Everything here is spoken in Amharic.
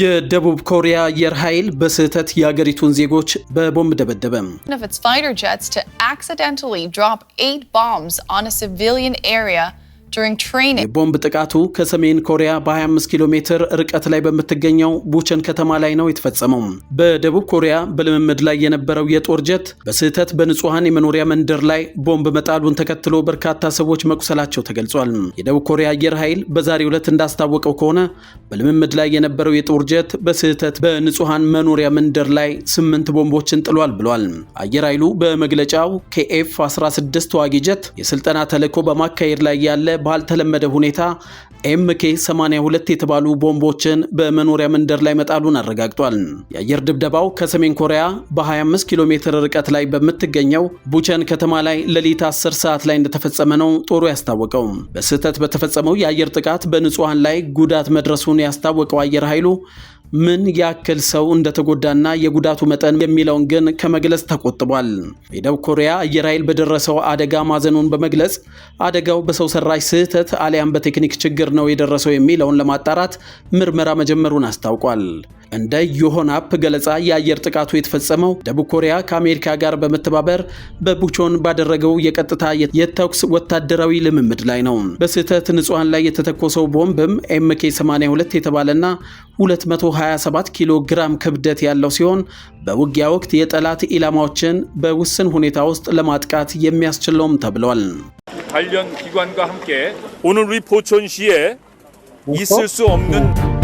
የደቡብ ኮሪያ አየር ኃይል በስህተት የአገሪቱን ዜጎች በቦምብ ደበደበም። ፋይተር ጀትስ ድሮፕ ቦምብስ ኦን ኤሪያ የቦምብ ጥቃቱ ከሰሜን ኮሪያ በ25 ኪሎ ሜትር ርቀት ላይ በምትገኘው ቡቸን ከተማ ላይ ነው የተፈጸመው። በደቡብ ኮሪያ በልምምድ ላይ የነበረው የጦር ጀት በስህተት በንጹሐን የመኖሪያ መንደር ላይ ቦምብ መጣሉን ተከትሎ በርካታ ሰዎች መቁሰላቸው ተገልጿል። የደቡብ ኮሪያ አየር ኃይል በዛሬው ዕለት እንዳስታወቀው ከሆነ በልምምድ ላይ የነበረው የጦር ጀት በስህተት በንጹሐን መኖሪያ መንደር ላይ ስምንት ቦምቦችን ጥሏል ብሏል። አየር ኃይሉ በመግለጫው ከኤፍ 16 ተዋጊ ጀት የስልጠና ተልዕኮ በማካሄድ ላይ ያለ ባልተለመደ ሁኔታ ኤምኬ 82 የተባሉ ቦምቦችን በመኖሪያ መንደር ላይ መጣሉን አረጋግጧል። የአየር ድብደባው ከሰሜን ኮሪያ በ25 ኪሎ ሜትር ርቀት ላይ በምትገኘው ቡቸን ከተማ ላይ ሌሊት 10 ሰዓት ላይ እንደተፈጸመ ነው ጦሩ ያስታወቀው። በስህተት በተፈጸመው የአየር ጥቃት በንጹሐን ላይ ጉዳት መድረሱን ያስታወቀው አየር ኃይሉ ምን ያክል ሰው እንደተጎዳና የጉዳቱ መጠን የሚለውን ግን ከመግለጽ ተቆጥቧል። የደቡብ ኮሪያ አየር ኃይል በደረሰው አደጋ ማዘኑን በመግለጽ አደጋው በሰው ሰራሽ ስህተት አሊያም በቴክኒክ ችግር ነው የደረሰው የሚለውን ለማጣራት ምርመራ መጀመሩን አስታውቋል። እንደ ዮሆናፕ ገለጻ የአየር ጥቃቱ የተፈጸመው ደቡብ ኮሪያ ከአሜሪካ ጋር በመተባበር በቡቾን ባደረገው የቀጥታ የተኩስ ወታደራዊ ልምምድ ላይ ነው። በስህተት ንጹሐን ላይ የተተኮሰው ቦምብም ኤምኬ 82 የተባለና 227 ኪሎ ግራም ክብደት ያለው ሲሆን በውጊያ ወቅት የጠላት ኢላማዎችን በውስን ሁኔታ ውስጥ ለማጥቃት የሚያስችል ነውም ተብሏል። 관련 함께 오늘 우리 있을 수 없는